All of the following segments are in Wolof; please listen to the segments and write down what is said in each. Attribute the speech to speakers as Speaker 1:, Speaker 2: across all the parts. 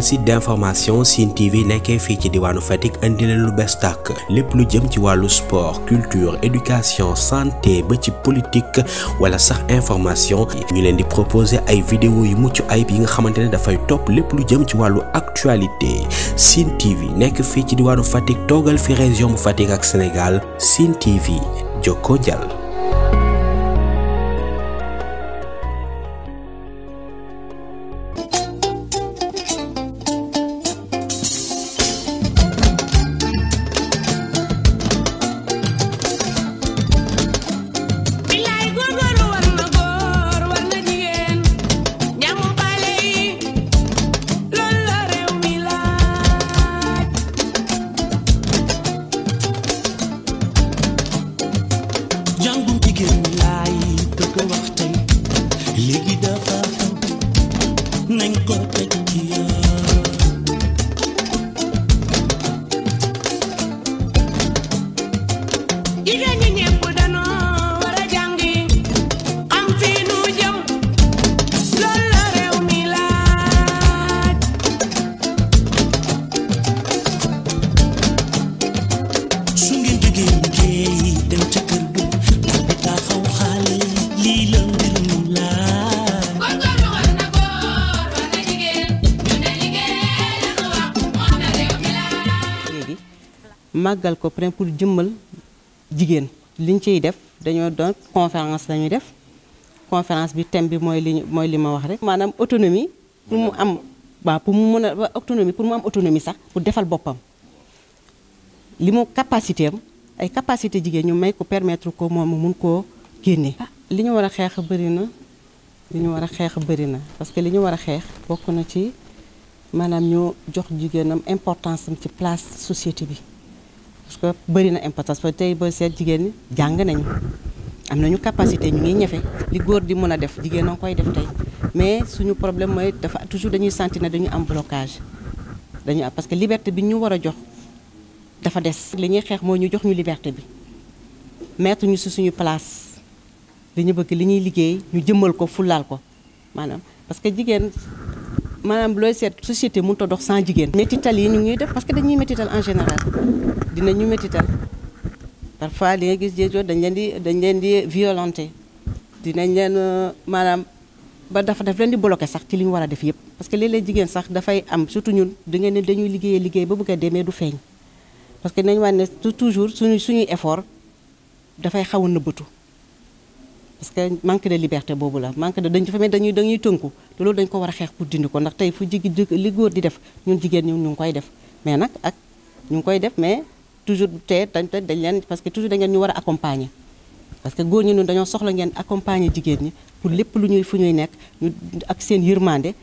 Speaker 1: site d'information sin TV qu'un fichier ci diwanu Fatick andi leen lu bees tàkk plus lu jëm ci sport culture éducation santé ba ci politique wala sax information ñu leen di proposer ay vidéo yu muccu ay bi nga xamantene le top top lepp lu jëm ci walu actualité sin TV nek fi ci diwanu Fatick togal fi région bu ak Sénégal TV joko
Speaker 2: Je ko prend pour jëmmal jigen liñ ciy def conférence lañuy def conférence bi thème bi li li ma autonomie pour mu pour autonomie pour mu autonomie sax pour capacité ay capacité suis ñu permettre ko mom mu ah, wara parce que wara importance place société parce que bëri na importance parce que tay bo set jigen ni jang nañ am nañu capacité ñu ngi ñefe li goor di mëna def jigen a koy def tay mais suñu problème moy dafa toujours dañuy sentir na dañuy am blocage dañuy parce que liberté bi ñu wara jox dafa dess li ñuy xeex mooy ñu jox ñu liberté bi mettre ñu si suñu place li ñu bëgg li ñuy liggéey ñu jëmmal ko fulal ko manam parce que jigen manam looy set société mënut a dox sans jigéen. métital yi ñu ngi def parce que dañuy métital en général dinañu métital parfois li nga gis jeex dañ leen di dañ leen di violenté dinañ leen euh, maanaam ba dafa daf leen di bloqué sax ci li ñu war a def yëpp parce que léeg-léeg jigéen sax dafay am surtout ñun da ngeen ne dañuy liggéeyee liggéey ba bëgg a demee du feeñ parce que nañ wax ne toujours suñu suñuy effort dafay xaw a nëbbatu parce que manque de liberté boobu la manque de dañ dafa dañuy dañuy tënku te loolu dañ ko war a xeex pour dindi ko ndax tey fu jigi li góor di def ñun jigéen ñun ñu ngi koy def mais nag ak ñu ngi koy def mais toujours te dañ dañ leen parce que toujours dañ ngeen ñu war accompagner parce que goor ñi ñun dañoo soxla ngeen accompagner jigéen ñi pour lépp lu ñuy fu ñuy nekk ñu ak seen yërmande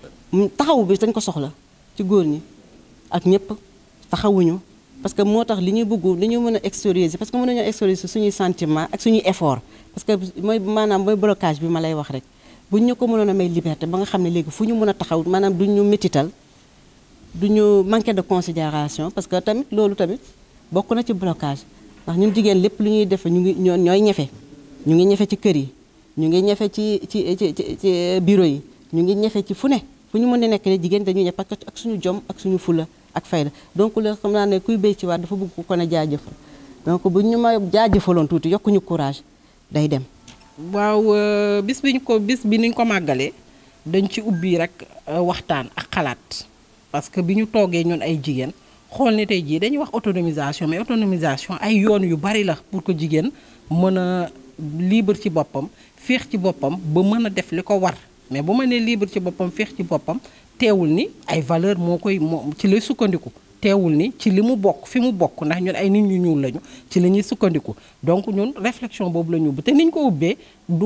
Speaker 2: taxawu bi dañ ko soxla ci goor ñi ak ñëpp taxawuñu parce que moo tax li ñuy bëgg li ñu mën a extérioriser parce que mën nañoo extérioriser suñuy sentiment ak suñuy effort parce que mooy maanaam mooy blocage bi ma lay wax rek buñ ñu ko mënoon a may liberté ba nga xam ne léegi fu ñu mën a taxaw maanaam duñ ñu métital duñu ñu manqué de considération parce que tamit loolu tamit bokk na ci blocage ndax ñun jigéen lépp lu ñuy def ñu ngi ñooy ñefe ñu ngi ñefe ci kër yi ñu ngi ñefe ci ci ci ci bureau yi ñu ngi ñefe ci fu ne fu ñu mën a nekk ne jigéen dañuy ñefe parce que ak jom ak suñu fula ak fayda donc la xam naa kuy béy ci waat dafa bëgg ku ko ne jaajëfal donc bu ñu ma
Speaker 3: jaajëfaloon tuuti yokku ñu courage day dem. waaw euh, bis bi ñu ko bis bi niñ ko màggalee dañ ci ubbi rek euh, waxtaan ak xalaat parce que bi ñu toogee ñun ay jigéen. xool ne tey jii dañuy wax autonomisation mais autonomisation ay yoon yu bari la pour que jigéen mën a libre ci boppam féex ci boppam ba mën a def li ko war mais bu ma nee libre ci boppam féex ci boppam teewul ni ay valeur moo koy moo ci lay sukkandiku teewul ni ci li mu bokk fi mu bokk ndax ñun ay nit ñu ñuul lañu ci la ñuy sukkandiku donc ñun réflexion boobu la ñu te niñ ko ubbee du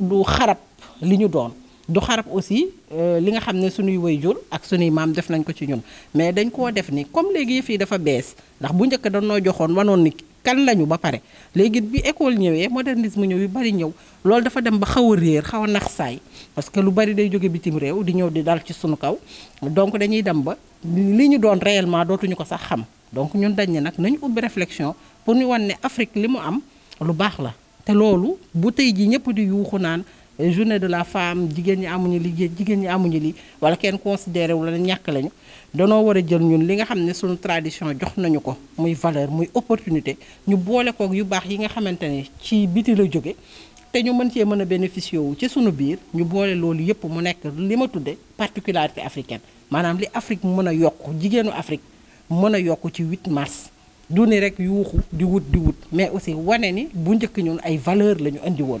Speaker 3: du xarab li ñu doon du xarab aussi euh, li nga xam ne suñuy waajur ak suñuy maam def nañ ko ci ñun mais dañ koo def ni comme léegi yëf yi dafa bees ndax bu njëkk dañoo joxoon wanoon ni kan lañu ba pare léegi bi école ñëwee modernisme ñëw yu bari ñëw loolu dafa dem ba xaw a réer xaw a nax saay parce que lu bari day jóge bitim réew di ñëw di dal ci sunu kaw donc dañuy dem ba li ñu doon réellement dootuñu ko sax xam donc ñun dañ ne nag nañu ubbi réflexion pour ñu wan ne Afrique li mu am lu baax la te loolu bu tey ji ñëpp di yuuxu naan Euh, journée de la femme jigéen ñi amuñu li jigéen ñi amuñu li wala kenn considéré wala la lañu danoo wara jël ñun li nga xamné suñu tradition jox nañu ko muy valeur muy opportunité ñu boole kook yu baax yi nga xamantene ci biti la joggé té ñu mën cee mën a wu ci suñu biir ñu boole loolu yépp mu nekk lima tuddé particularité africaine manam li Afrique mëna yokku yokk Afrique mëna yokku ci 8 mars du ni rek yuuxu di wut di wut mais aussi wané ni bu njëkk ñun ay valeur lañu andi won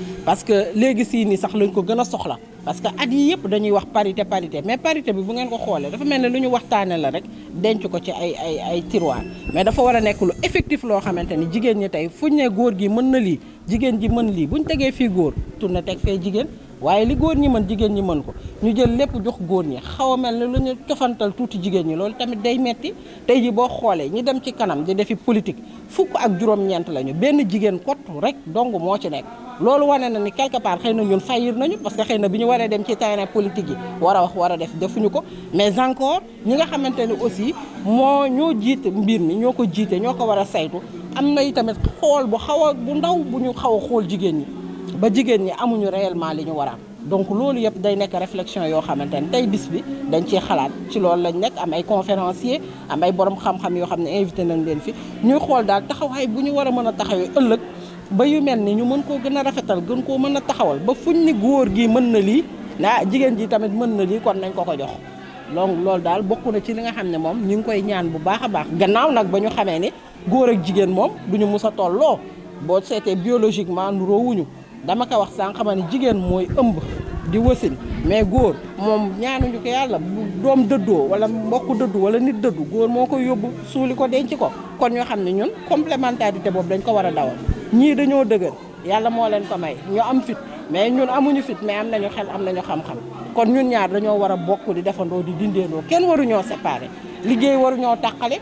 Speaker 3: parce que léegi sii nii sax lañ ko gën a soxla parce que at yii yëpp dañuy wax parité parité mais parité bi bu ngeen ko xoolee dafa mel ne lu ñu waxtaanee la rek denc ko ci ay ay ay tiroir mais dafa war a nekk lu effectif loo xamante ne jigéen ñi tey fuñ ne góor gi mën na lii jigéen ji mën lii bu buñ tegee fii góor tur na teg fee jigéen waaye li góor ñi mën jigéen ñi mën ko ñu jël lépp jox góor ñi xaw a mel ne lu ñu cofantal tuuti jigéen ñi loolu tamit day metti tey ji boo xoolee ñi dem ci kanam di defi politique fukk ak juróom-ñeent lañu benn jigéen kott rek dong moo ci nekk loolu wane na ni quelque part xëy na ñun fayir nañu parce que xëy na bi ñu waree dem ci terrain politique yi war a wax war a def defuñu ko mais encore ñi nga xamante ne aussi moo ñoo jiit mbir mi ñoo ko jiite ñoo ko war a saytu am na itamit xool bu xaw a bu ndaw bu ñu xaw a xool jigéen ñi ba jigéen ñi amuñu réellement li ñu war a am donc loolu yëpp day nekk réflexion yoo xamante ne tey bis bi dañ ciy xalaat ci loolu lañ nekk am ay conférencier am ay borom xam-xam yoo xam ne invité nañ leen fi ñuy xool daal taxawaay bu ñu war a mën a taxawee ëllëg ba yu mel ni ñu mën koo gën a rafetal gën koo mën a taxawal ba fuñ ni góor gi mën na lii ah jigéen ji tamit mën na lii kon nañ ko ko jox donc loolu daal bokk na ci li nga xam ne moom ñu ngi koy ñaan bu baax a baax gannaaw nag ba ñu xamee ne góor ak jigéen moom duñu mus a tolloo boo seetee biologiquement nuroowuñu dama ko wax sànq ma ne jigéen mooy ëmb di wasin mais góor moom ñaanuñu ko yàlla doom dëddoo wala mbokk dëddu wala nit dëddu góor moo koy yóbbu suuli ko denc ko kon ñoo xam ne ñun complémentarité boobu dañ ko war a dawal ñii dañoo dëgër yàlla moo leen ko may ñu am fit mais ñun amuñu fit mais am nañu xel am nañu xam-xam kon ñun ñaar dañoo war a bokk di defandoo di dindeendoo kenn waruñoo séparé liggéey waruñoo tàqale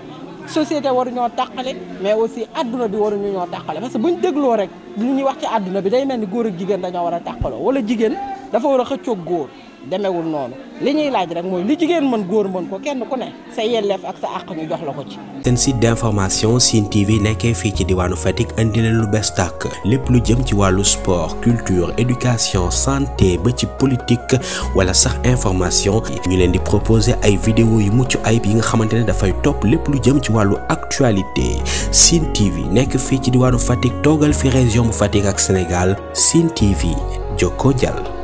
Speaker 3: société waruñoo tàqale mais aussi adduna bi waruñu ñoo tàqale parce que buñ dégloo rek lu ñuy wax ci adduna bi day mel ni góor ak jigéen dañoo war a tàqaloo wala jigéen dafa war a xëccoog góor demewul noonu liñuy laaj rek moy li jigéen man goor man ko kenn ku ne sa yelleef ak sa ak ñu jox la ko ci.
Speaker 1: seen site d'information Sine TV nekkee fi ci diwanu fatik andi leen lu bees tak lepp lu jëm ci walu sport culture éducation santé ba ci politique wala sax information ñu leen di proposer ay vidéo yu muccu ayb yi nga xamantene da fay top lepp lu jëm ci walu actualité Sine TV nekk fi ci diwanu fatik togal fi région bu fatik ak Sénégal Sine TV joko jàll.